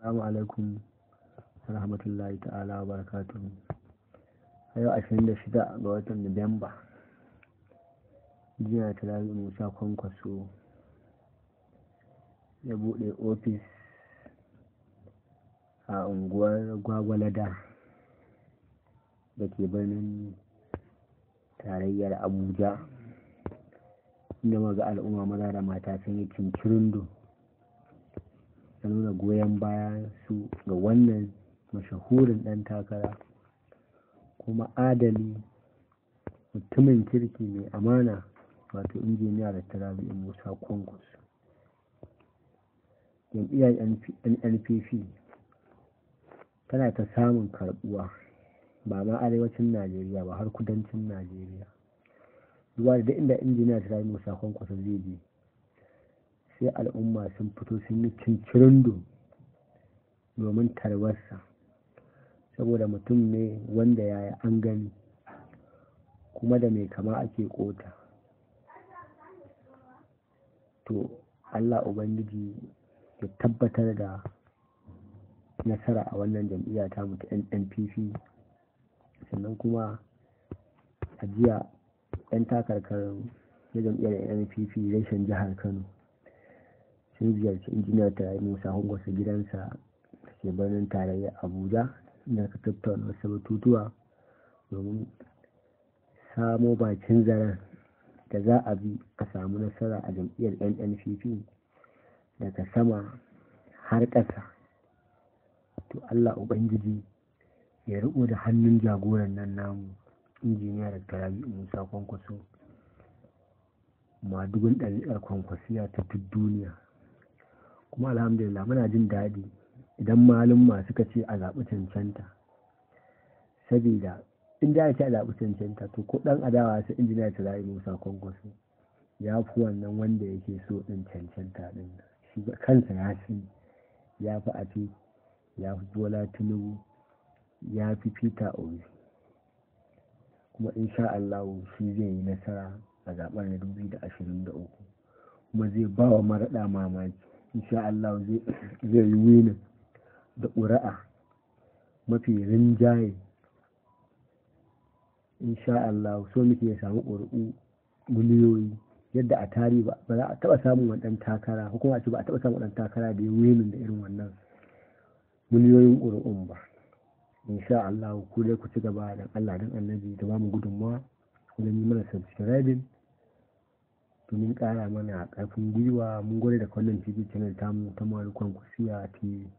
Assalamu alaikum wa rahmatullahi ta'ala wa barakatuhu. A yau 26 ga watan Nuwamba, jiya Talabi Musa Kwankwaso ya buɗe ofis a unguwar Gwagwalada da ke birnin tarayyar Abuja, inda maga al'umma maza da mata sun yi cincirindo. nuna goyon bayan su ga wannan mashahurin ɗan takara kuma adali mutumin kirki mai amana wato injiniya da tarabi'in musa kwangus jam'iyyar nnpp tana ta samun karbuwa ba ma arewacin najeriya ba har kudancin najeriya zuwa da inda injiniya tarabi'in musa kongos zai je sai al'umma sun fito sun yi cincirin domin tarwarsa saboda mutum ne wanda ya yi an gani kuma da mai kama ake kota to allah ubangiji ya tabbatar da nasara a wannan jam'iyya ta mutu NPP sannan kuma ajiya 'yan takarkar na jam'iyyar NPP reshen jihar kano sun ziyarci injiniya tare musa hungwasa gidansa ke birnin tarayya abuja inda ka tattauna wasu batutuwa domin samo bakin zaren da za a bi a samu nasara a jam'iyyar nnpp daga sama har ƙasa to allah ubangiji ya riko da hannun jagoran nan namu injiniyar da tarabi musa kwankwaso madugun ɗariƙar kwankwasiya ta duk duniya kuma alhamdulillah muna jin daɗi idan ma suka ce a zaɓi cancanta sabida in da ake a zaɓi cancanta to ko ɗan adawa su injiniya Turai Musa Kwankwaso ya fi wannan wanda yake so ɗin cancanta ɗin shi kansa ya fi ya fi Ati ya fi Bola Tinubu ya fi Peter Obi kuma insha Allah shi zai yi nasara a zaɓen 2023 kuma zai ba wa maraɗa mamaki insha Allah zai yi winin da ƙura'a mafi rinjaye insha Allah so muke ya samu ƙuri'u miliyoyi yadda a tari ba za a taɓa samun waɗan takara ko kuma a ce ba a taɓa samun waɗan takara da ya winin da irin wannan miliyoyin ƙuri'un ba insha Allah ku dai ku ci gaba da Allah dan annabi da ba mu gudunmawa ku yi mana subscribing domin ƙara mana ƙarfin gwiwa mun gwada da kallon TV channel ta mu ta Marukan Kusiya TV.